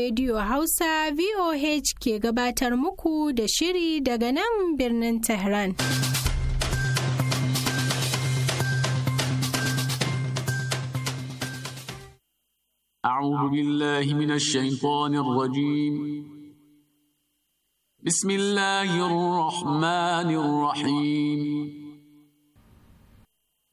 Radiyo Hausa VOH ke gabatar muku da shiri daga nan birnin Tehran. A'a bugi min ashaifonin wajen. Bismillahirrahmanirrahim.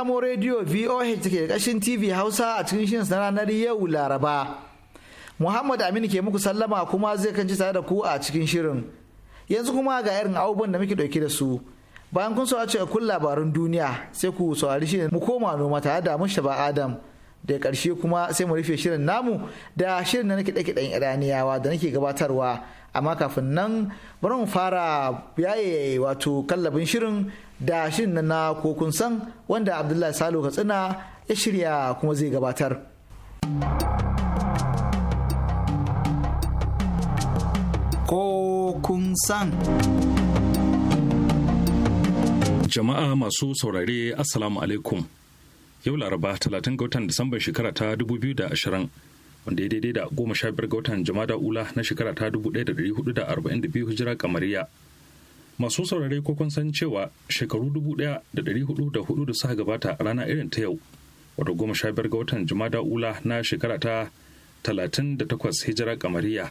kamo rediyo voh ke kashin tv hausa a cikin shirin na ranar yau laraba muhammad aminu ke muku sallama kuma zai kanci tare da ku a cikin shirin yanzu kuma ga irin abubuwan da muke dauke da su bayan kun saurari kun labarun duniya sai ku saurari shirin mu koma noma tare da shaba adam da karshe kuma sai mu rufe shirin namu da shirin na nake kiɗe iraniyawa da nake gabatarwa amma kafin nan bari mu fara yaye wato kallabin shirin da shirin na kokun san wanda abdullahi salo katsina ya shirya kuma zai gabatar kokun san jama'a masu saurare assalamu alaikum yau laraba 30 ga watan disamba shekara ta 2020 wanda ya daidai da 15 ga watan jama'a ula na shekara ta 1442 hijira kamariya masu saurare ko kun san cewa shekaru 1404 da suka gabata a rana irin ta yau wato goma sha biyar ga watan jumada ula na shekara ta talatin 38 hijira kamariya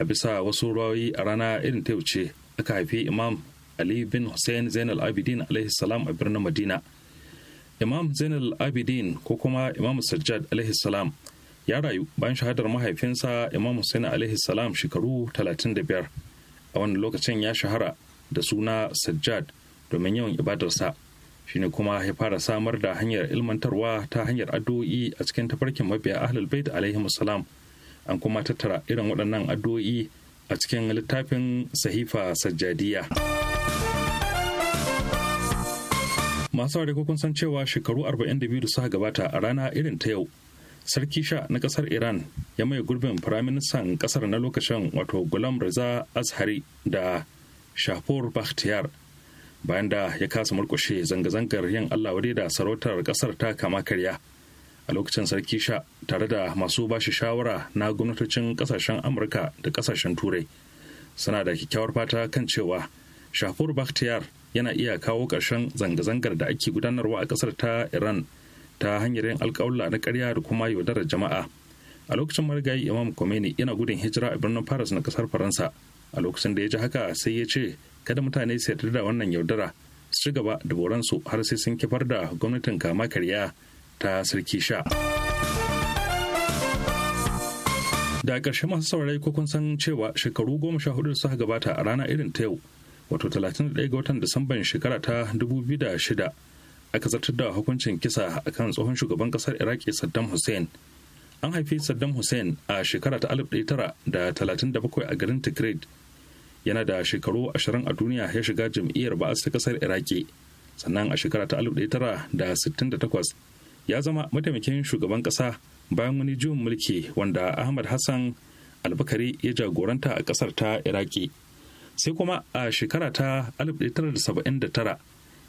a bisa wasu rawayi a rana irin ta yau ce aka haifi imam ali bin hussein zainal abidin alaihi salam a birnin madina imam zainal abidin ko kuma imam sajjad alaihi salam ya rayu bayan shahadar mahaifinsa imam hussein alaihi salam shekaru 35 a wani lokacin ya shahara da suna sajjad domin yawan ibadarsa shine kuma ya fara samar da hanyar ilmantarwa ta hanyar addu'o'i a cikin tafarkin mabiya ahlul bait alaihi salam an kuma tattara irin waɗannan addu'o'i a cikin littafin sahifa sajjadiyya masu aure kun san cewa shekaru 42 da suka gabata a rana irin ta yau sarki sha na kasar iran ya mai gurbin firaministan kasar na lokacin wato gulam reza azhari da shahpur bakhtiyar bayan da ya kasa murkushe zanga-zangar yin allah wadai da sarautar kasar ta kama karya a lokacin sarki sha tare da masu bashi shawara na gwamnatocin kasashen amurka da kasashen turai suna da kyakkyawar fata kan cewa shafur bakhtiyar yana iya kawo ƙarshen zanga-zangar da ake gudanarwa a ƙasar ta iran ta hanyar yin alƙawla na ƙarya da kuma yaudarar jama'a a lokacin marigayi imam khomeini yana gudun hijira a birnin paris na ƙasar faransa a lokacin da ya ji haka sai ya ce kada mutane su yarda da wannan yaudara su ci gaba da boransu har sai sun kifar da gwamnatin kama karya ta sarki sha da ƙarshe masu saurari ko kun san cewa shekaru goma sha hudu suka gabata a rana irin ta yau wato 31 ga watan disamban shekara ta 2006 aka zartar da hukuncin kisa akan tsohon shugaban ƙasar iraki saddam hussein an haifi saddam hussein a shekara ta 1937 a garin tikrit yana da shekaru ashirin a duniya ya shiga jam'iyyar ba'as ta kasar iraki sannan a shekara ta 1968 ya zama mataimakin shugaban kasa bayan wani juyin mulki wanda ahmad hassan albakari ya jagoranta a kasar ta iraki sai kuma a shekara ta 1979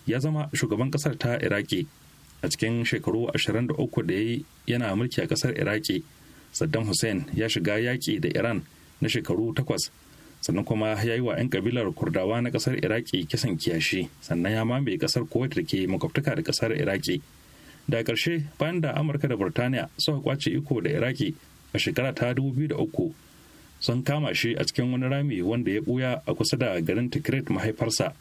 ya zama shugaban kasar ta iraki a cikin shekaru 23 da ya yi yana mulki a kasar iraki saddam hussein ya shiga yaƙi da iran na shekaru takwas sannan kuma ya yi wa 'yan kabilar kurdawa na kasar iraki kisan kiyashi sannan ya mamaye kasar kuwait da ke makwabtaka da kasar iraki da ƙarshe bayan da amurka da burtaniya suka kwace iko da iraki a shekara ta 2003 sun kama shi a cikin wani rami wanda ya buya a kusa da garin tikrit mahaifarsa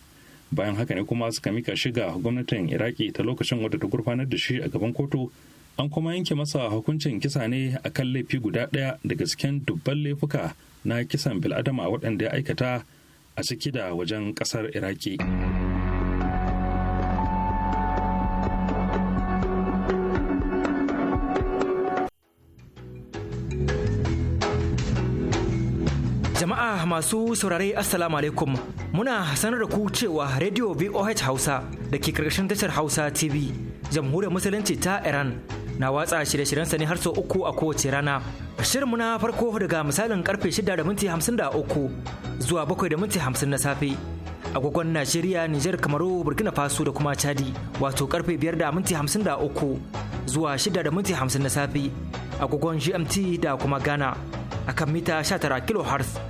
bayan haka ne kuma suka mika shi ga gwamnatin iraki ta lokacin wadda ta gurfanar da shi a gaban kotu an kuma yanke masa hukuncin kisa ne a kan laifi guda ɗaya daga cikin dubban laifuka na kisan bil'adama waɗanda ya aikata a ciki da wajen ƙasar iraki. masu saurare assalamu alaikum muna sanar da ku cewa radio voh hausa da ke karkashin tashar hausa tv jamhuriyar musulunci ta iran na watsa shirye-shiryen ne har sau uku a kowace rana shirinmu na farko daga misalin karfe shida da minti hamsin da uku zuwa bakwai da minti hamsin na safe agogon Najeriya, niger Kamaru, Burkina Faso da kuma Chadi, wato karfe 5:53 da minti zuwa 6:50 da minti na safe, agogon GMT da kuma Ghana, akan mita 19 kHz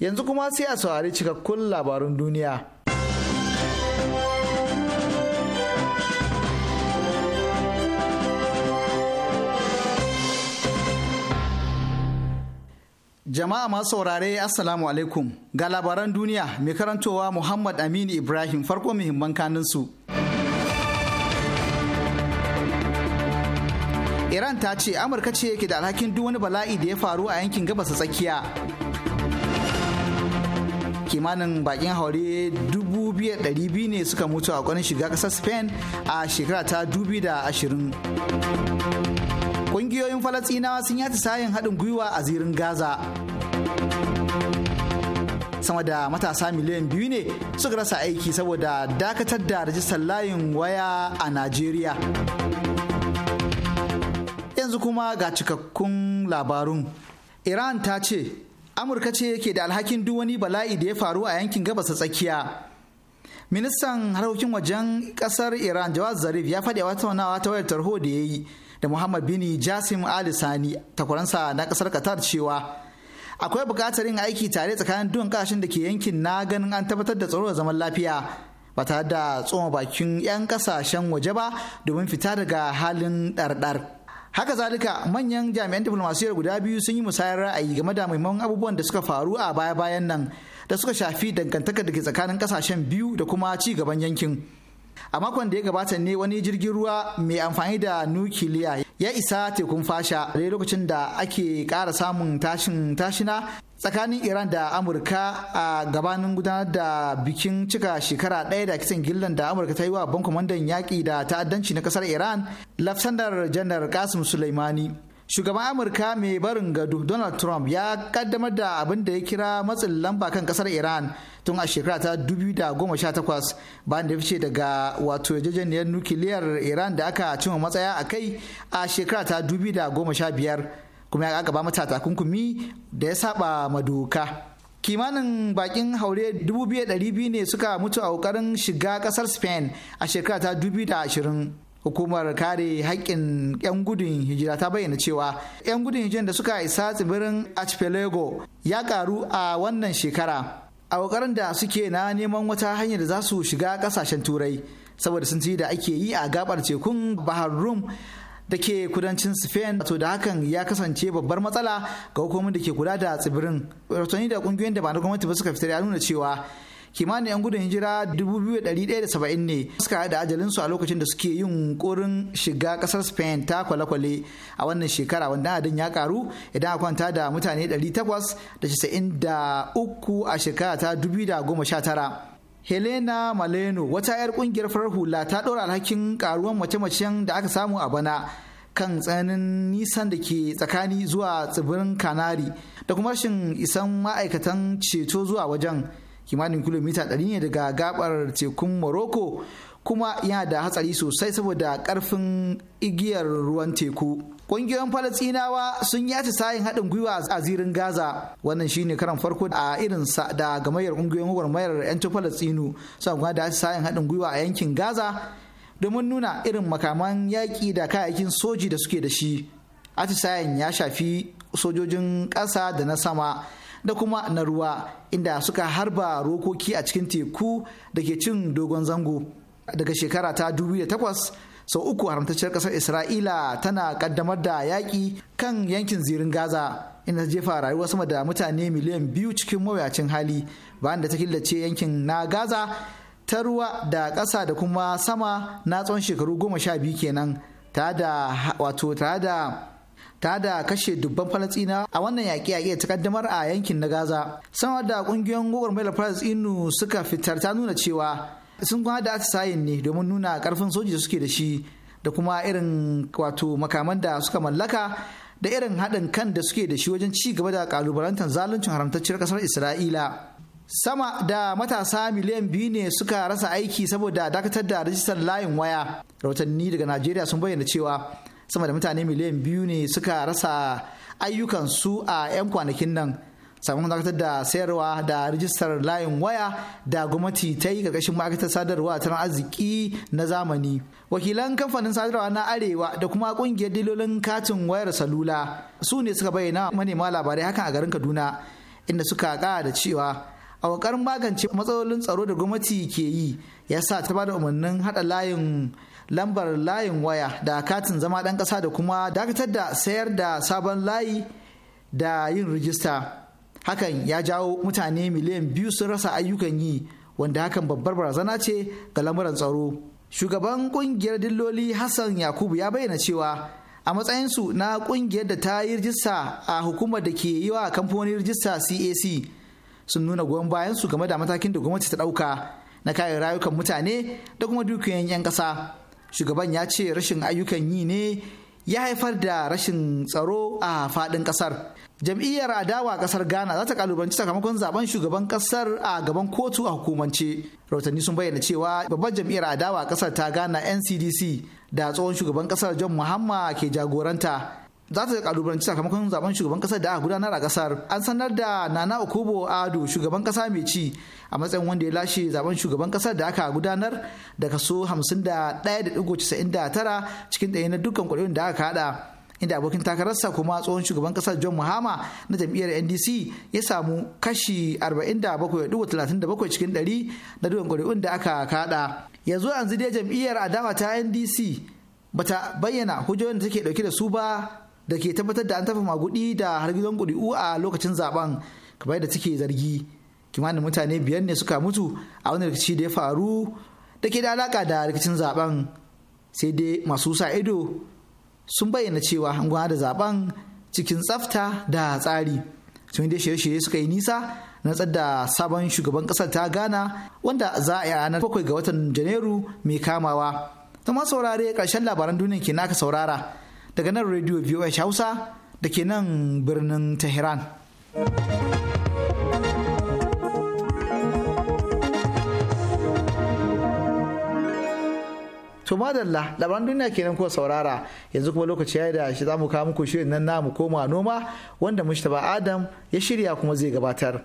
yanzu kuma sai a saurari cikakkun labarun duniya jama'a masu saurare assalamu alaikum ga labaran duniya mai karantowa muhammad aminu ibrahim farko muhimman kaninsu iran ta ce amurka ce yake da alhakin duk wani bala'i da ya faru a yankin gabas tsakiya kimanin bakin haure 2,200 ne suka mutu a kwanin shiga kasar spain a shekara ta ashirin. ƙungiyoyin falasinawa sun yata sayin haɗin gwiwa a zirin gaza sama da matasa miliyan biyu ne suka rasa aiki saboda dakatar da rajistar layin waya a najeriya yanzu kuma ga cikakkun labarun iran ta ce amurka ce yake da alhakin duk wani bala'i da ya faru a yankin gabas ta tsakiya ministan harkokin wajen kasar iran jawad zarif ya faɗi wata tattaunawa ta wayar tarho da ya yi da muhammad bini jasim ali sani takwaransa na kasar qatar cewa akwai buƙatar yin aiki tare tsakanin duk kasashen da ke yankin na ganin an tabbatar da tsaro da zaman lafiya ba tare da tsoma bakin 'yan kasashen waje ba domin fita daga halin ɗarɗar. haka zalika manyan jami'an diflomasiyyar guda biyu sun yi musayar ra'ayi game da muhimman abubuwan da suka faru a baya-bayan nan da suka shafi dangantakar da ke tsakanin kasashen biyu da kuma ci gaban yankin a makon da ya gabata ne wani jirgin ruwa mai amfani da nukiliya ya isa tekun fasha a lokacin da ake kara samun tashin tashina tsakanin iran da amurka a gabanin gudanar da bikin cika shekara ɗaya da kisan gillan da amurka ta yi wa ban kwamandan yaƙi da ta'addanci na ƙasar iran lafsandar janar kasim suleimani shugaban amurka mai barin gado donald trump ya kaddamar da abin da ya kira matsin lamba kan kasar iran tun a shekara ta 2018 bayan da fice daga wato yarjejeniyar nukiliyar iran da aka cimma matsaya a kai a shekara ta 2015 kuma ya gaba mata takunkumi da ya saba maduka kimanin bakin haure 2,200 ne suka mutu a kokarin shiga kasar spain a shekara ta 2020 hukumar kare haƙƙin 'yan gudun hijira ta bayyana cewa 'yan gudun hijira da suka isa tsibirin archipelago ya karu a wannan shekara a kokarin da suke na neman wata hanyar da za su shiga kasashen turai saboda sun da ake yi a gabar tekun bahar rum da ke kudancin Spain to da hakan ya kasance babbar matsala ga hukumomin da ke kula da tsibirin. Rotoni da kungiyoyin da ba na gwamnati ba suka fitar ya nuna cewa kimanin 'yan gudun hijira 2,170 ne suka da ajalinsu a lokacin da suke yin korin shiga kasar spain ta kwale-kwale a wannan shekara wanda adin ya karu idan a kwanta da mutane 893 a shekara ta 2019 Helena Maleno wata 'yar kungiyar farar hula ta ɗora alhakin karuwan mace-macen da aka samu a bana kan tsananin nisan da ke tsakani zuwa tsibirin Kanari da kuma rashin isan ma'aikatan ceto zuwa wajen kimanin kilomita 100 ne daga gabar tekun Morocco kuma yana da hatsari sosai saboda karfin igiyar ruwan teku. Ƙungiyoyin falastinawa sun yace sayin haɗin gwiwa a zirin Gaza. Wannan shine karan farko a irinsa da gamayyar ƙungiyoyin gwagwarmayar 'yancin Falasinu. sun kuma da sayin haɗin gwiwa a yankin Gaza domin nuna irin makaman yaƙi da kayayyakin soji da suke da shi. Atisayen ya shafi sojojin ƙasa da na sama da kuma na ruwa inda suka harba rokoki a cikin teku da ke cin dogon zango daga shekara ta 2008 sau uku haramtacciyar ƙasar isra'ila tana ƙaddamar da yaƙi kan yankin zirin gaza inda ta jefa rayuwa sama da mutane miliyan biyu cikin mawuyacin hali bayan da ta killace yankin na gaza ta ruwa da ƙasa da kuma sama na tsawon shekaru goma sha biyu kenan ta da kashe dubban falastina a wannan yaƙe-yaƙe ta kaddamar a yankin na gaza sama da ƙungiyoyin gwagwarmayar falasinu suka fitar ta nuna cewa sun kuma da atisayin ne domin nuna karfin soji da suke da shi da kuma irin wato makaman da suka mallaka da irin haɗin kan da suke da shi wajen ci gaba da kalubalantar zaluncin haramtacciyar ƙasar isra'ila sama da matasa miliyan biyu ne suka rasa aiki saboda dakatar da rajistar layin waya rahotanni daga najeriya sun bayyana cewa sama da mutane miliyan biyu ne suka rasa ayyukansu a 'yan kwanakin nan sakamakon dakatar da sayarwa da rijistar layin waya da gwamnati ta yi karkashin ma'aikatar sadarwa ta arziki na zamani wakilan kamfanin sadarwa na arewa da kuma kungiyar dilolin katin wayar salula su ne suka bayyana manema labarai hakan a garin kaduna inda suka kara da cewa a kokarin magance matsalolin tsaro da gwamnati ke yi ya sa ta da umarnin haɗa layin lambar layin waya da katin zama ɗan ƙasa da kuma dakatar da sayar da sabon layi da yin rijista hakan ya jawo mutane miliyan biyu sun rasa ayyukan yi wanda hakan babbar barazana ce ga lamuran tsaro shugaban kungiyar dilloli hassan yakubu ya bayyana cewa a matsayinsu na kungiyar da ta yi rijista a hukumar da ke yi wa kamfanin rijista cac sun nuna goyon bayan su game da matakin da gwamnati ta ɗauka na kare rayukan mutane da kuma dukiyoyin 'yan ƙasa shugaban ya ce rashin ayyukan yi ne ya haifar da rashin tsaro a faɗin ƙasar jam'iyyar adawa a kasar ghana za ta kalubalanci sakamakon zaben shugaban kasar a gaban kotu a hukumance rahotanni sun bayyana cewa babbar jam'iyyar adawa a kasar ta ghana ncdc da tsohon shugaban kasar john muhamma ke jagoranta za ta kalubalanci sakamakon zaben shugaban kasar da aka gudanar a kasar an sanar da nana okubo ado shugaban kasa mai ci a matsayin wanda ya lashe zaben shugaban kasar da aka gudanar da kaso 51.99 cikin ɗaya na dukkan kuɗin da aka haɗa inda abokin takararsa kuma tsohon shugaban kasar john mahama na jam'iyyar ndc ya samu kashi 47.37 cikin 100 na duwan ƙuri'un da aka kada yanzu yanzu dai jam'iyyar adawa ta ndc bata bayyana hujjoyin da take dauke da su ba da ke tabbatar da an tafi magudi da hargizon ƙuri'u a lokacin zaben kamar da take zargi kimanin mutane biyar ne suka mutu a wani rikici da ya faru da ke da alaka da rikicin zaben sai dai masu sa ido sun bayyana cewa an gudanar da zaben cikin tsafta da tsari sun yi shirye-shirye suka yi nisa na da sabon shugaban kasar ta gana wanda za a yi ranar bakwai ga watan janairu mai kamawa ta ma saurare karshen labaran duniya ke naka saurara daga nan radio voh hausa da ke nan birnin tehran to madalla labaran duniya kenan ko saurara yanzu kuma lokaci ya da shi mu kawo muku shirin nan namu koma noma wanda mushtaba adam ya shirya kuma zai gabatar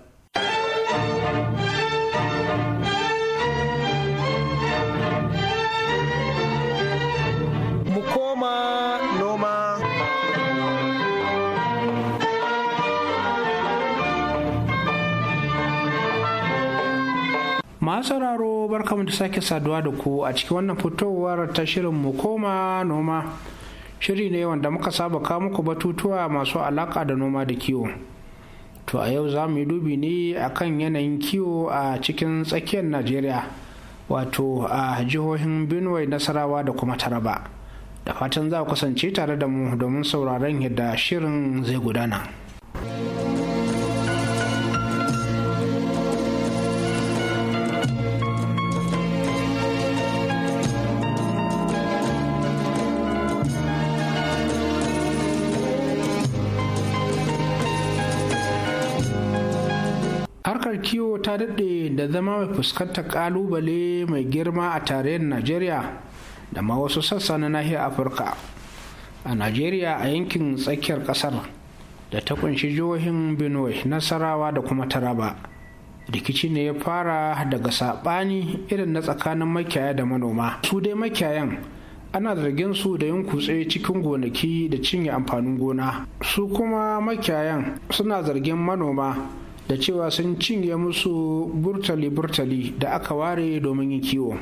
masu sauraro mu da sake saduwa da ku a cikin wannan fitowar ta shirin mu koma noma shiri ne wanda muka saba kawo muku batutuwa masu alaka da noma da kiwo to a yau za mu yi dubi ne akan yanayin kiwo a cikin tsakiyar najeriya wato a jihohin benue nasarawa da kuma taraba da fatan za ku kasance tare da mu domin sauraron yadda shirin zai gudana. ta daɗe da zama mai fuskantar ƙalubale mai girma a tarayyar najeriya da ma wasu sassa na nahiyar afirka a najeriya a yankin tsakiyar ƙasar da ta ƙunshi jihohin benue nasarawa da kuma taraba rikici ne ya fara daga saɓani irin na tsakanin makiyaya da manoma su dai makiyayan ana zargin su da yin kutse cikin gonaki da cinye amfanin gona su kuma makiyayan suna zargin manoma da cewa sun cinye musu burtali-burtali da aka ware domin yin kiwo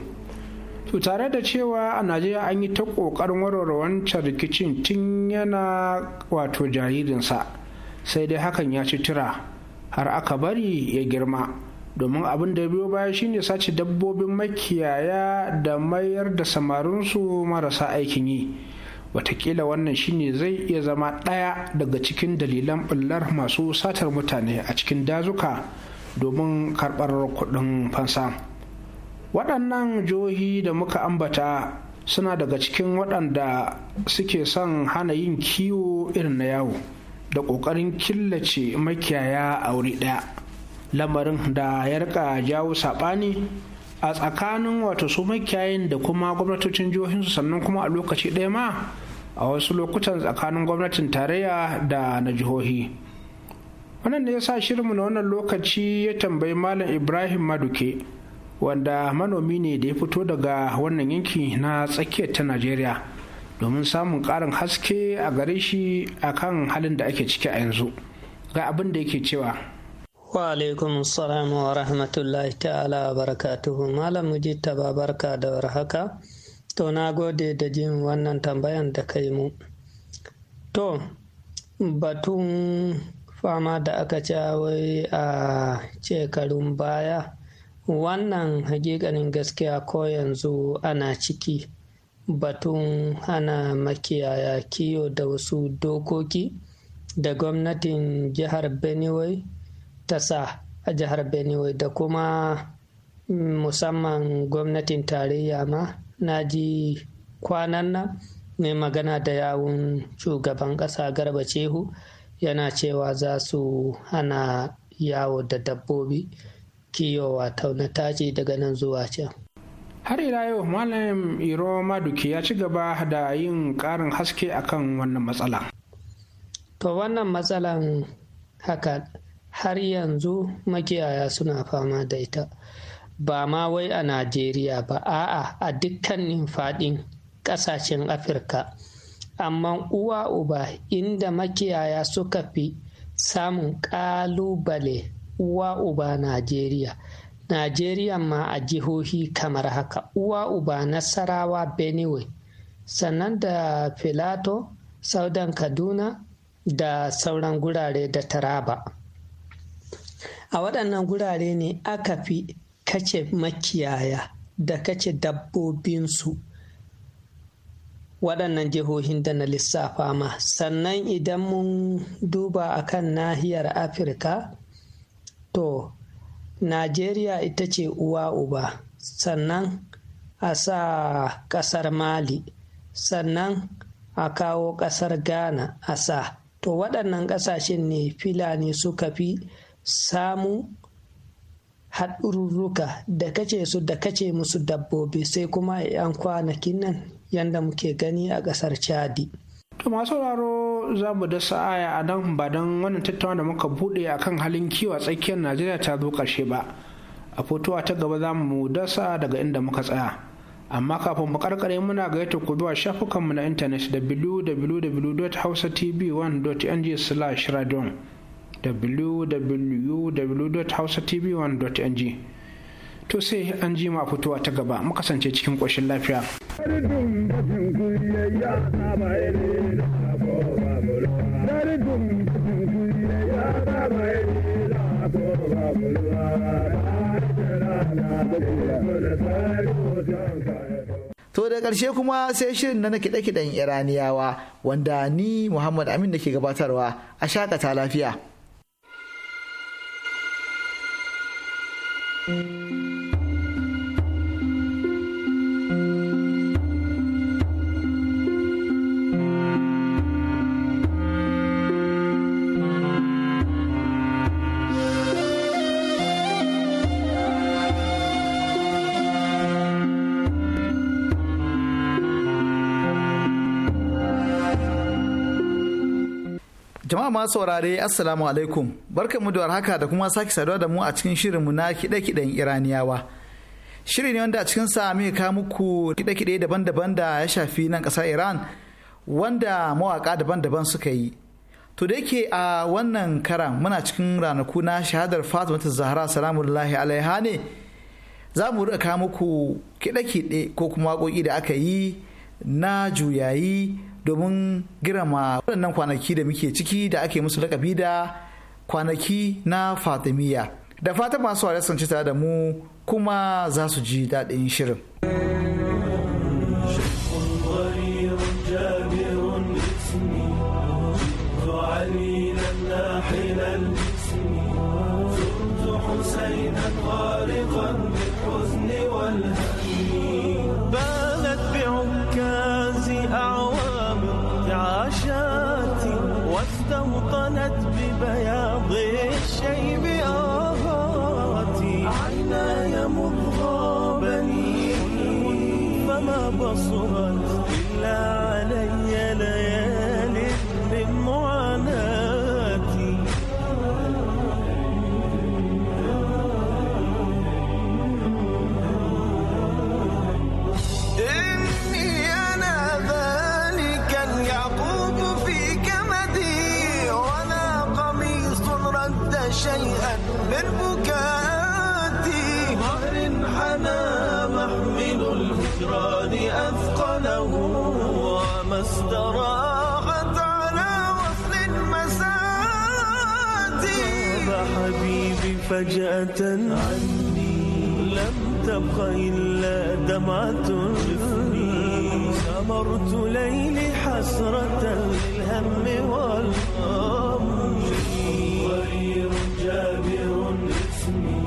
to tare da cewa a najeriya an yi ta ƙoƙarin warware wancan rikicin tun yana wato jaririnsa sai dai hakan ya ci tura har aka bari ya girma domin abin da biyo baya shine sace dabbobin makiyaya da mayar da samarinsu marasa aikin yi watakila wannan shine zai iya zama ɗaya daga cikin dalilan ɓullar masu satar mutane a cikin dazuka domin karɓar kuɗin fansa waɗannan jihohi da muka ambata suna daga cikin waɗanda suke son hana yin kiwo irin na yawo da ƙoƙarin killace makiyaya a wuri ɗaya lamarin da ya rika jawo saɓani a tsakanin wato su makiyayin da kuma gwamnatocin jihohinsu sannan kuma a lokaci ɗaya ma a wasu lokutan tsakanin gwamnatin tarayya da na jihohi wannan ne ya sa shirinmu na wannan lokaci ya tambayi malam ibrahim maduke wanda manomi ne da ya fito daga wannan yanki na tsakiyar ta najeriya domin samun ƙarin haske a gare shi akan halin da ake ciki a yanzu ga abin da yake cewa wa alaikum salamu wa rahmatullahi ta'ala wa barakatuhu malam mujitta ba barka da warhaka to na gode da jin wannan tambayan da kai mu to batun fama da aka ci wai a shekarun baya wannan hakikanin gaskiya ko yanzu ana ciki batun hana makiyaya kiyo da wasu dokoki da gwamnatin jihar benue ta sa a jihar benue da kuma mm, musamman gwamnatin tarayya ma na ji kwanan nan mai magana da yawun shugaban ƙasa garba cehu yana cewa za su hana yawo da dabbobi kiyowa, tauna na taji daga nan zuwa can har ila yau malam iro maduki ya ci gaba da yin ƙarin haske akan wannan matsala to wannan matsalan haka har yanzu makiyaya suna fama da ita ba ma wai a najeriya ba a'a a dukkanin faɗin ƙasashen afirka amma uwa uba inda makiyaya suka fi samun ƙalubale uwa uba najeriya najeriya ma a jihohi kamar haka uwa uba nasarawa benue sannan da filato saudan kaduna da sauran gurare da taraba a waɗannan gurare ne aka fi kace makiyaya da kace dabbobinsu waɗannan jihohin da na lissafa ma sannan idan mun duba a kan nahiyar afirka to najeriya ita ce uwa uba sannan a sa ƙasar mali sannan a kawo ƙasar ghana a sa to waɗannan ƙasashen ne filani suka fi samu haɗururruka da kace su da kace musu dabbobi sai kuma a 'yan kwanakin nan yadda muke gani a ƙasar chadi. To masu raro za mu dasa aya a nan ba don wannan tattauna da muka buɗe a kan halin kiwo a tsakiyar Najeriya ta zo ƙarshe ba. A fotowa ta gaba za mu dasa daga inda muka tsaya. Amma kafin mu karkare muna yato ku zuwa shafukanmu na intanet wwwhausatv 1ng radion www.hausatv1.ng to sai an ji ma fitowa ta gaba mu kasance cikin ƙoshin lafiya. To da ƙarshe kuma sai shirin na kiɗe-kiɗen Iraniyawa wanda ni Muhammad Amin da ke gabatarwa a shakata lafiya. Música Jama'a masu saurare Assalamu alaikum. Barkanmu da warhaka da kuma sake saduwa da mu a cikin shirinmu na kiɗe-kiɗen Iraniyawa. Shirin ne wanda a cikin sa muke kawo muku kiɗe-kiɗe daban-daban da ya shafi nan kasar Iran wanda mawaka daban-daban suka yi. To da yake a wannan karan muna cikin ranaku na shahadar Fatimatu Zahra salamullahi alaiha ne za mu rika kawo muku kiɗe-kiɗe ko kuma waƙoƙi da aka yi na juyayi domin girama waɗannan kwanaki da muke ciki da ake musu lakabi da kwanaki na fatimiyya da fata masu wa sun tare da mu kuma za su ji daɗin shirin. حسينا غارقا بالحزن والهم استوطنت ببياض الشمس فجأة عني لم تبق إلا دمعة جفني سمرت ليلي حسرة للهم والغم ضرير جابر اسمي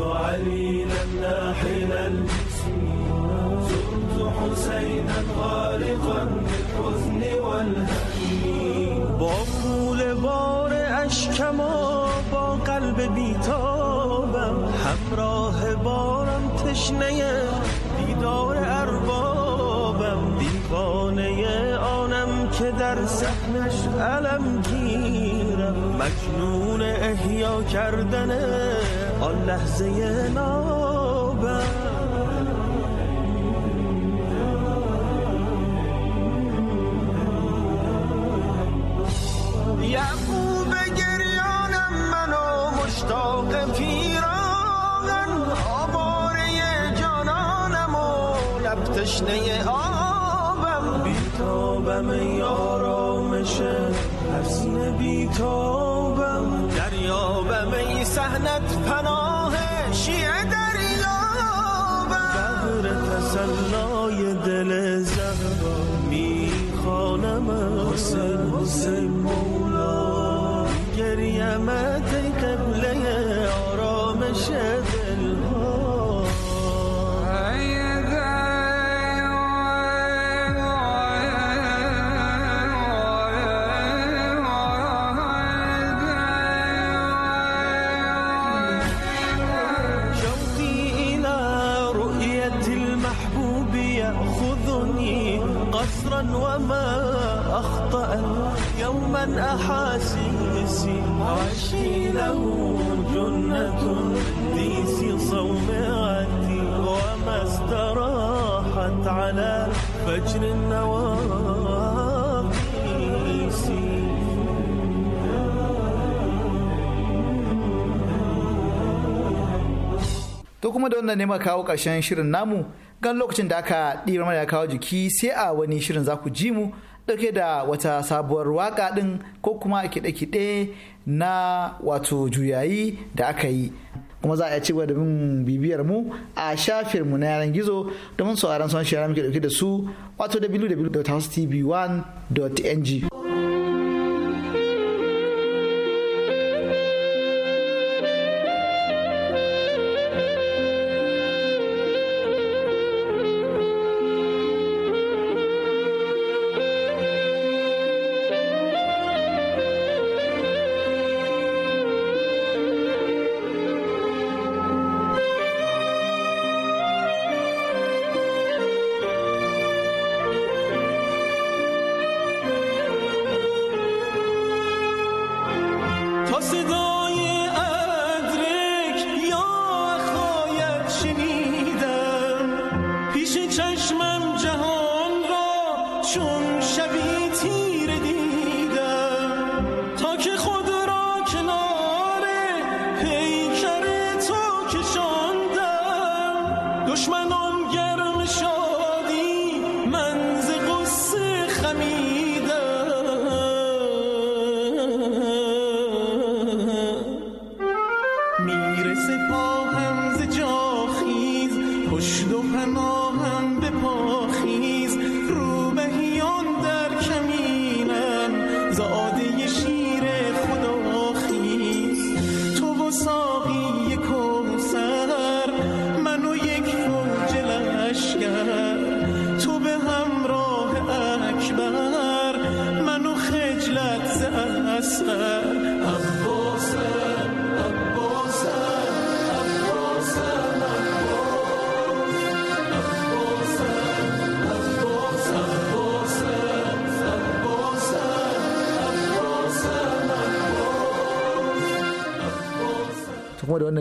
عليلا ناحلا اسمي زرت حسينا غارقا بالحزن والهم بقول بار اشکمان قلب بیتابم همراه بارم تشنه دیدار اربابم دیوانه آنم که در سحنش علم گیرم مجنون احیا کردن آن لحظه نام تشنه آبم بیتابم ای آرامش حسن بیتابم دریابم ای سهنت پناه شیعه دریابم بهر تسلای دل زهرا خانم حسن حسین مولا گریم قصرا وما أخطأ يوما أحاسيسي عشي له جنة ديس صومعتي وما استراحت على فجر النواقيس To kuma da wannan ne kawo ƙarshen shirin namu gan lokacin da aka ɗira mana ya kawo jiki sai a wani shirin za ku ji mu ɗauke da wata sabuwar waƙa ɗin ko kuma kiɗe-kiɗe na wato juyayi da aka yi kuma za a iya cewa domin bibiyar mu a shafin mu na yaran gizo domin sauraron son shi muke ɗauke da su wato www.housetv1.ng.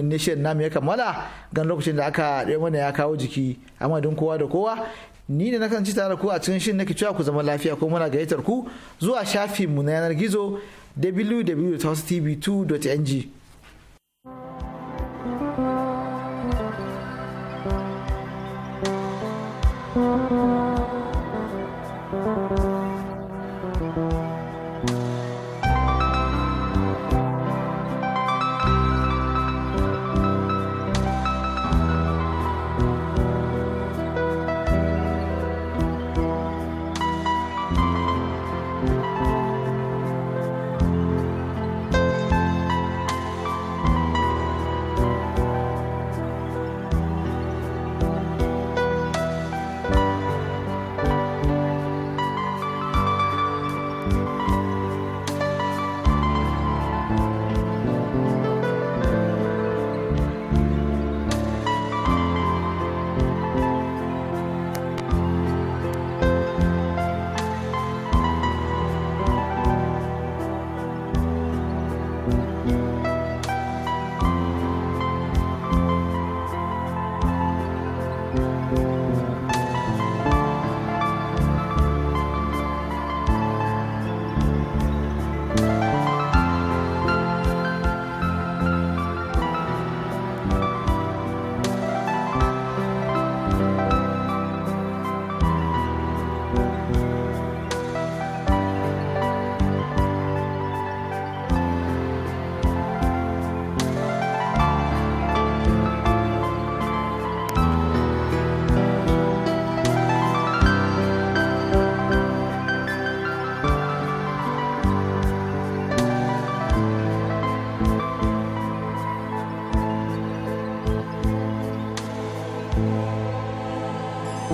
nan na namu ya kammala gan lokacin da aka ɗaya mana ya kawo jiki amma don kowa da kowa ni da nakan ci tare ku a cikin shirin nake cewa ku zama lafiya ko muna gayyatar ku zuwa shafinmu na yanar gizo www.tv2.ng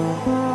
Thank you.